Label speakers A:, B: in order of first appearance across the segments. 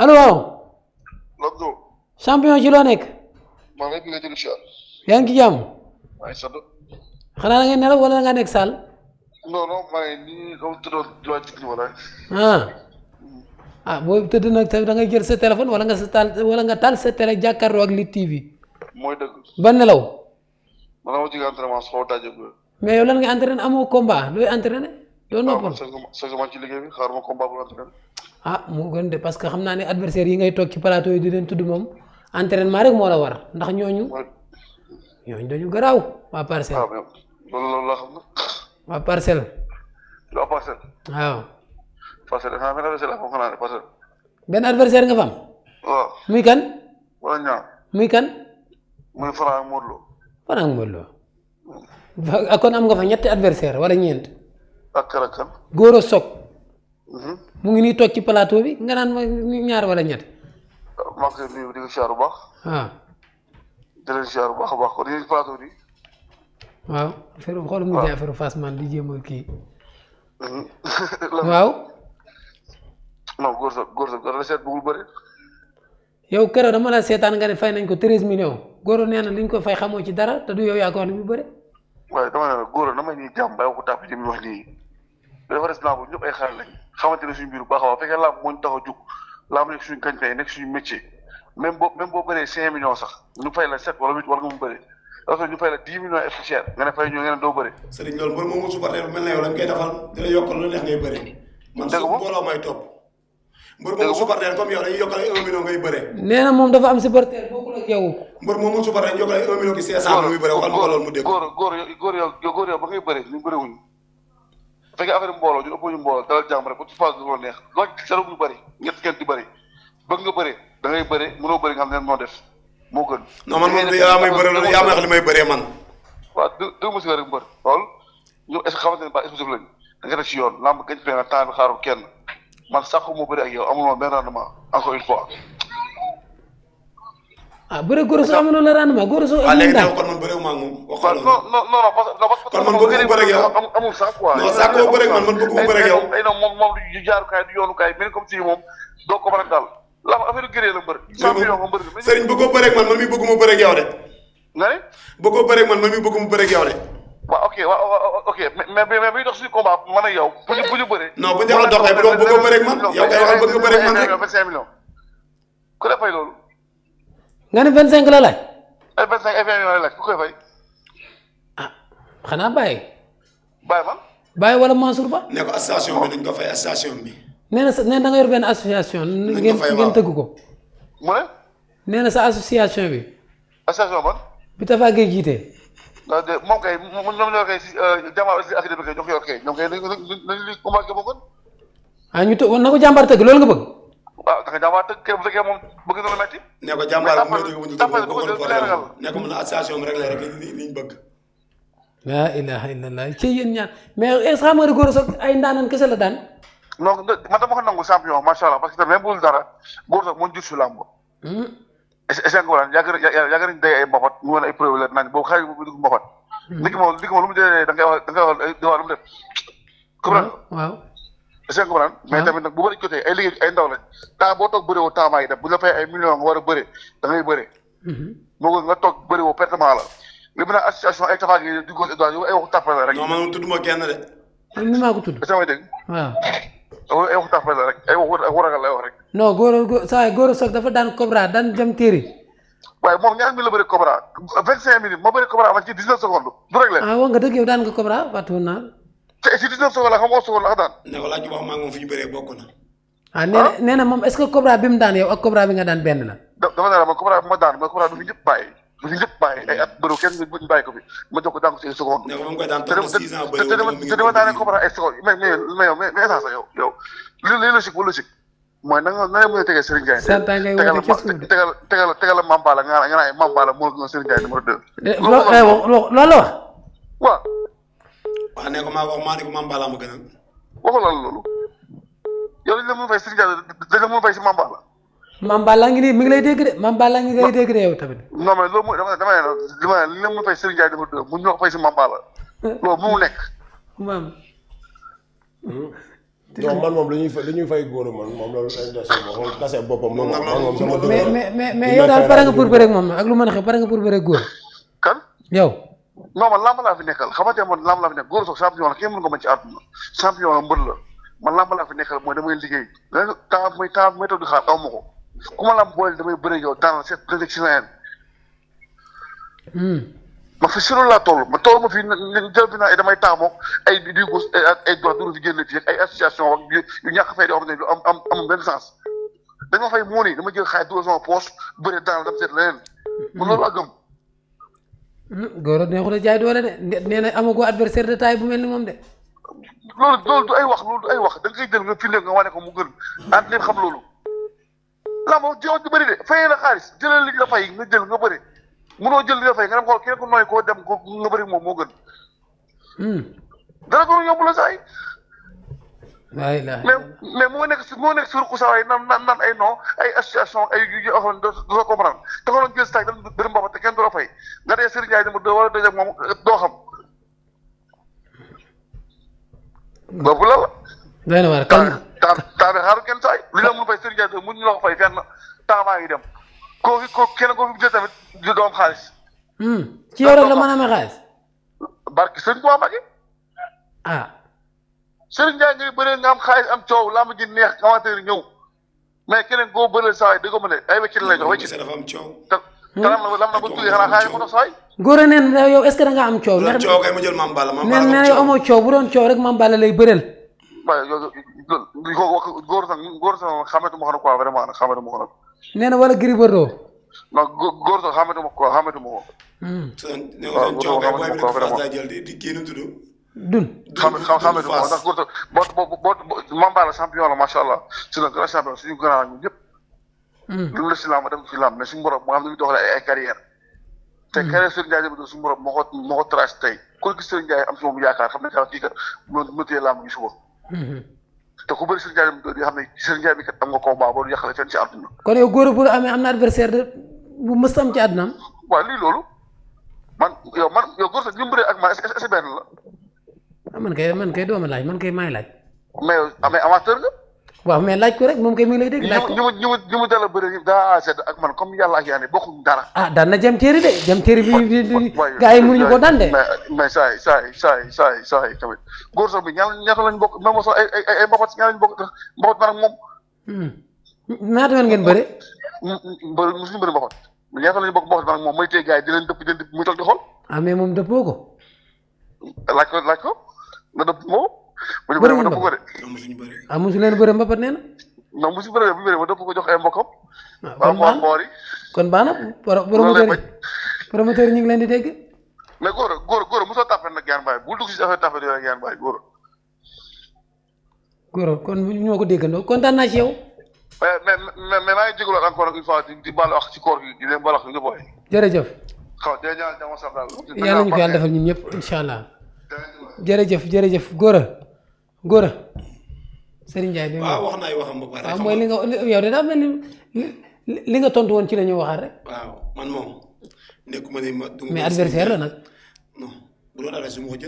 A: allo waaw. champion ci loo nekk.
B: maa ngi lay déglu si waat.
A: yaa ngi ci jàmm. maa da ngay nelaw wala da ngaa nekk saal. ah, ah boo tëdd nag tamit da jël sa téléphone wala nga sa taal wala nga taal sa télé jàkkaarloo ak li TV. mooy ba nelaw. man ma ci nga entraîné amoo combat looy entraîné.
B: doo noppal ah, saison man ci liggéey bi xaar moo
A: ah, gën de parce que xam naa ni adversaire yi ngay toog ci plateau yi di leen tudd moom entraînement rek moo la war ndax ñooñu ñooñu dañu garaaw waa parcelle ah,
B: loolu loolu laa waa parcelle waa parcelle
A: benn adversaire nga fa muy kan muy kan
B: ak Modou
A: Lo ak Modou Lo hmm. am nga fa ñetti adversaire wala ñeent ak rakkam. góor a soog. Mhm. mu ngi nii toog ci plateau bi nga naan ñaar wala ñett.
B: maa ngi koy nuyu di ko siyaar bu baax. waaw. Ah.
A: bu baax waaw
B: kii. Mhm. waaw. non góor sa góor sa góor la seet
A: dama la seetaan nga ne fay nañ ko treize millions góor nee na li ñu ko fay xamoo ci dara te du yow yaa ko wax ni
B: mu bëri. dafa des làmb ñëpp ay xaral lañ xamante ne suñu biir bu baax a baax fekkee làmb moo ñu tax a jug làmb nekk suñu kañ nekk suñu métier même boo même boo bëree cinq millions sax ñu fay la sept wala huit war nga mu mu dégg góor góor góor yow góor yow ba ngay bëri ñu bëri bu fekkee affaire mbooloo ñun ëpp ñu mbooloo dalal jàmm rek ba ci phase bi moo neex loo seetlu ñu bëri ñett kenn di bëri bëgg nga bëri da ngay mënoo moo def moo gën. non man man yaa may bëri loolu may wax li may bëree man. waaw du du musique rek mbër lool ñu est-ce que ba exclusif lañu da si yoon lamb gëj fee na temps bi xaarul kenn man sax moo bëri ak yow amuloo benn rendement encore une fois.
A: ah bëri góor soo amuloo la rendement
C: góor soo
B: non non non parce que. kon man bëgg bëreeg yow amul sax quoi. non sax koo bëreeg man man bëgg bëreeg yow. ay na moom moom du jaarukaay du yoonukaay mel comme si moom doo ko mën a dal la affaire gëree la mbër. champion nga mbër Serigne bëggoo bëreeg man man mi
C: bëgguma bëreeg yow de. nga ne. bëggoo bëreeg man man mi bëgguma bëreeg yow de.
B: waaw ok waaw ok mais mais mais dox suñu combat man ak yow. bu ñu bu ñu bëree. non bu ñu waxoon doxee bu doon bëgg a bëreeg man yow kay waxal bëgg a bëreeg man rek. ku la fay loolu.
A: nga ne 25 la laaj.
B: ay 25 ay 20 millions la laaj ku koy fay. xanaa Baye. Baye man.
C: Baye wala Mansour Ba. ne ko association bi nañ ko fay association bi.
A: nee na sa nee na nga yor benn association. ngeen ngeen tëgg ko. mu ne. nee na sa association bi. association man. bi Tafa Gueye jiite.
B: moom kay moom ñoom euh, ñoo koy si jamono si ak kay ñoo koy yor kay ñoom kay nañu li combat ko bëggoon.
A: ah ñu tëgg na ko jàmbaar tëgg loolu nga bëgg.
B: waaw da nga jàmbaar tëgg kay bu fekkee moom bëgg na la metti. ne ko jàmbaar bu ñu ko bëggoon ko leeral ne ko mën a association bi rek la rek li ñu bëgg.
A: laa ilaha illallah mais est-ce que xam nga Gora Sock ay ndaanan kese daan.
B: non man dama ko nangu champion macha allah parce que même bu dara Gora Sock moo jur si làmb. Hmm? est day ay mboqot ñu woon ay hmm. mu dee da ngay wax da ngay wax di wax lu mu def. comprendre hmm, waaw. mais tamit nag bu bëri ay liggéey ay ndaw lañ temps boo toog yi def bu la fay ay millions nga war a bëree da ngay bëree. nga toog bëri woo pertement la nga bind association ay tafaag yi di góor et droit ay waxu tàppale rek. rek ay waxu ragal
A: lay wax rek. dafa daan Cobra daan jëm téere.
B: waaye moom ñaar mi la bëri Cobra vingt cinq minutes moo ah, nga la xam nga seconde la ko daan. ne ko laaj wax maa moom fi ñu ah, ah? ma daan mooy Cobra bi fi ñëpp bàyyi bu ñu ñëpp ko fi ma jox ko daan ko si seconde. ne ko moom koy daan toog te te te dama daanee comprendre ay seconde mais mais mais yow mais mais sax yow yow li na nga na nga mën a tegee moo gën a Serigne Ndiaye numéro 2.
C: Eh,
A: loo eh, loolu la
B: wax. waaw. loolu. yow dañu la mën a fay Serigne Ndiaye la mën a fay si Mambala.
A: Mambala ngi nii mi ngi lay dégg de Mambala ngi lay dégg de yow tamit
B: non mais loolu mooy dama dama ne la li mu fay Serigne Ndiaye ko fay si Mamba la loolu mu nekk.
C: maam. Hmm. donc man moom dañuy fay dañuy fay góor man moom loolu moom
B: kase boppam. moom moom sama dëgg mais
A: mais mais yow daal pare nga pour bëreeg
B: a fi nekkal xamante ne man làmb laa fi nekk góor soog champion la kenn mën ko mën ci àdduna champion la mbër la man làmb laa fi nekkal mooy damay liggéey léegi temps muy temps méthode xaar aw ma ko ku ma làmb boole damay bëreeg yow daan la seet protection Hmm. ma fi si loolu laa toll ma toll ma fi jël ay damay taamook ay di gos ak ay droit duru fi génn dama jël xaalis dugal sama poche bëre daan dam seet leneen mun loolu ak
A: hmm, a de nee amagoo adversaire de taille bu mel ni moom de
B: loolu loolu du ay wax loolu du ay wax nga koy jël nga firndeel nga wane ko mu gën ànd leen xam loolu lamb jiwoon di bëri de fayee la xaalis jëlal li fay nga jël nga bëri mënoo jël li nga fay nga dem xool ki ko nooy koo dem ko nga bari moom moo gën. Hmm. dara ko yomb la saay.
A: waaye la mais
B: mais moo nekk si nekk si ruqu saa yi naan naan naan ay non ay association ay yu yoo xam te ko doon jël saay dem bëri te kenn du la fay nga dee Serigne Ndiaye dama wala doo moom doo xam. boobu la la.
A: doy na waar kan
B: taa taa xaaru kenn saay li la mun fay Serigne Ndiaye mu fay fenn temps maa ngi dem. koo fi koo kenn koo jël tamit du doom xaalis.
A: ci yow rek la mën a amee
B: xaalis. barke sëñ Tuubaa Mbàkke. ah. Serigne Ndiaye ngay bëree nga am xaalis am coow làmb ji neex xamante ñëw mais keneen koo bëreel saa yi dégg nga ne ay wéccin lay jox wéccin. dafa am coow. te te lam na lam na ba tuuti xanaa xaalis mu dox saa yi.
A: góor a coow. ndax coow
B: kay ma jël maam Balla maam Balla
A: nee bu doon rek maam Balla lay bëreel.
B: waaye yow góor sax góor sax xamante mu xam ne quoi vraiment xamante mu
A: nee na wala Gris Bordeaux.
B: non góor sax xamante ma ko xamante ma ko. Hmm. waaw góor sax xamante ma ko vraiment. dun xam xam xam ndax góor sax boo boo boo Mamba la champion la macha allah c'est le grand champion suñu grand la ñun ñëpp. Hmm. lu la si laam dem ci laam mais suñu borom moo xam ne ñu doxalee ay ay carrière te hmm. carrière Serigne Ndiaye bi suñu borom moo ko moo ko tracé tey ku gis Serigne Ndiaye am si moom yaakaar xam ne kii kat mënut mënutee laam gi suba. te ku bëri Serigne Ndiaye bi nga xam ne Serigne Ndiaye bi kat am nga combat boo yàqale fenn ci àdduna.
A: kon yow góor bu amee am na bu mës am ci àdduna
B: lii loolu man yow man yow góor sax mu bëree ak ma est-ce la.
A: Ah, man kay maay laaj.
B: mais yow amee nga.
A: waaw mais laaj ko rek moom kay mi ngi lay dégg. laaj ko
B: ñu mu ñu mu ñu mu dala bëri yëpp daa àgg ak man comme yàlla ak yaane bokkuñ dara. ah daan na jëm téeri de jëm téeri bi gaa yi mënuñu ko daan de. mais saa yi saa yi saa yi saa yi saa yi tamit góor sax bi ñaar ñaata lañ bokk même sax ay ay ay mbapat ñaar lañ bokk mbapat man ak moom.
A: Hmm. ñaata yoon ngeen bëre.
B: mbër mosuñu bëri mbapat ñaata lañ bokk mbapat man ak moom may téye gaa yi di leen dëpp di leen dëpp muy toog
A: di xool. ah mais moom dëppoo ko.
B: laaj ko laaj ko nga dëpp moom bu ñu bëree ma dëpp ko de.
A: ah mosu leen bëree mbapat nee na.
B: non mosu bëree bu bëree ma dëpp ko jox ay mbokkam. waaw
A: kon baax na kon baax na promoteur yi promoteur yi ñu ngi leen di dégg.
B: mais góor a góor a góor a mosoo tàppale nag Guiane Mbaye bul dugg si affaire tàppale yooyu Guiane Mbaye góor a.
A: góor a kon ñoo ko déggandoo kontaan naa ci yow.
B: mais mais mais maa ngi jégalu encore une fois di baal wax ci koor gi di leen baal wax ñëpp waaye. jërëjëf. xaw ma jërëjëf yàlla defal
A: ñun ñëpp incha allah. jërëjëf jërëjëf góor a Gora. Serigne Ndiaye bi waaw
C: wax na ay waxam ba
A: pare. waaw mooy li nga yow de ci la ñuy waxaat rek.
C: man moom nekkuma ma. nag. non bu doon adversaire mu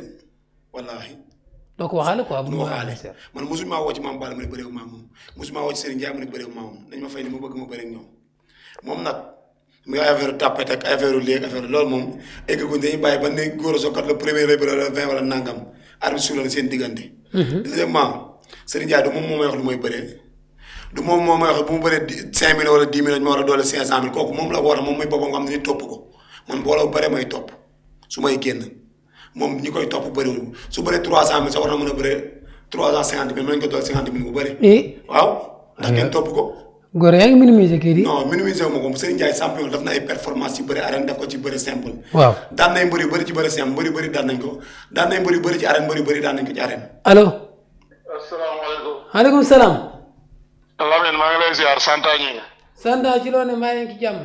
A: ko ma waxaale
C: man mosuñu maa woo ci maam Balla ma ne bëreewu maa moom mosuñu maa woo ci Serigne Ndiaye ma ne bëreewu maa loolu moom eggaguñ dañuy bàyyi ba ne Gora Sock kat le premier le vingt wala nangam arbitre suuf la seen diggante. Mhm. deuxièmement Serigne Ndiaye du moom moo may wax lu may bëree du moom moo may wax bu mu bëree cinq mille wala dix mille ma war a doole cinq cent mille kooku moom la war a moom mooy boppam nga xam ne nit topp ko man booloo bëre may topp su may génn moom ñi koy topp bëriwul su bëree trois cent mille sax war na mën
A: a bëree trois cent cinquante mille mën nañu ko doole cinquante mille bu bëri eh. waaw ndax kenn eh. topp ko góor yaa ngi minimiser kii di.
C: non minimiser wu ma ko Serigne Ndiaye champion daf na ay performance yu bëri ci bëri simple. waaw ci bëri simple mbëri mbëri ci arène mbëri bëri daan ko ci arène.
A: allo. asalaamaaleykum. salaam.
C: Lamine maa ngi lay
D: ziar sant ñi.
A: sant ci loolu ne maa ngi ci jàmm.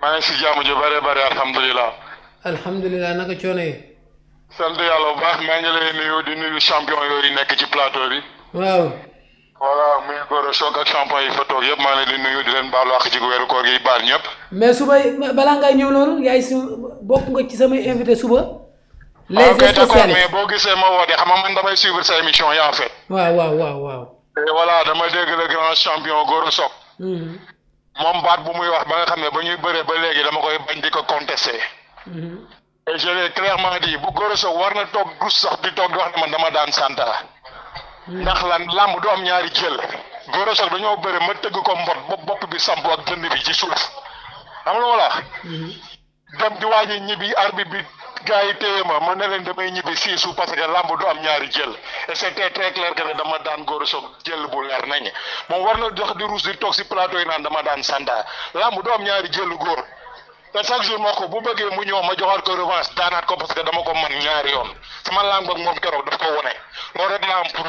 A: maa ngi si jàmm ju bëree bëri alhamdulilah. alhamdulilah naka coono yi.
D: sant yàlla bu baax maa ngi lay nuyu di nuyu champion yooyu nekk ci plateau bi. waaw. voilà muy góor a soog ak champion yi fa toog yëpp maa ngi leen di nuyu di leen baalu àq ci weeru koor gi baal ñëpp.
A: mais suba balaa ngay ñëw loolu yaay su bokk nga ci samay invité suba. les ah, spécialistes
D: boo gisee ma woote xam nga man damay suivre sa émission yi en fait.
A: waaw waaw waaw waaw.
D: et dama dégg le grand champion Gora Sock. Mm-hmm. moom baat bu muy wax ba nga xam ne ba ñuy bëree ba léegi dama koy bañ di ko contester. Mm-hmm. et je l'ai clairement dit bu Gora Sock war na toog di toog man dama daan santa ndax lan làmb du am ñaari jël góor a soog dañoo bëri ma tëgg ko mbot ba bopp bi samp ak dënn bi ci suuf xam nga wala mm-hmm. dem di wàññi ñibbi arbi bi gaa yi téye ma ma ne leen damay ñibbi siisu parce que làmb du am ñaari jël et c'était très clair que dama daan góor a soog jël bu leer nañ moom war na dox di ruus di toog si plateau yi naan dama daan sanda làmb du am ñaari jël góor. te chaque jour moo ko bu bëggee mu ñëw ma joxaat ko revanche daanaat ko parce que dama ko man ñaari yoon sama làmb ak moom keroog daf ko wone loolu rek laa am pour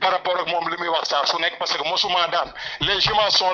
D: par rapport moom li muy wax saa nekk parce que mosuma daan les jumeaux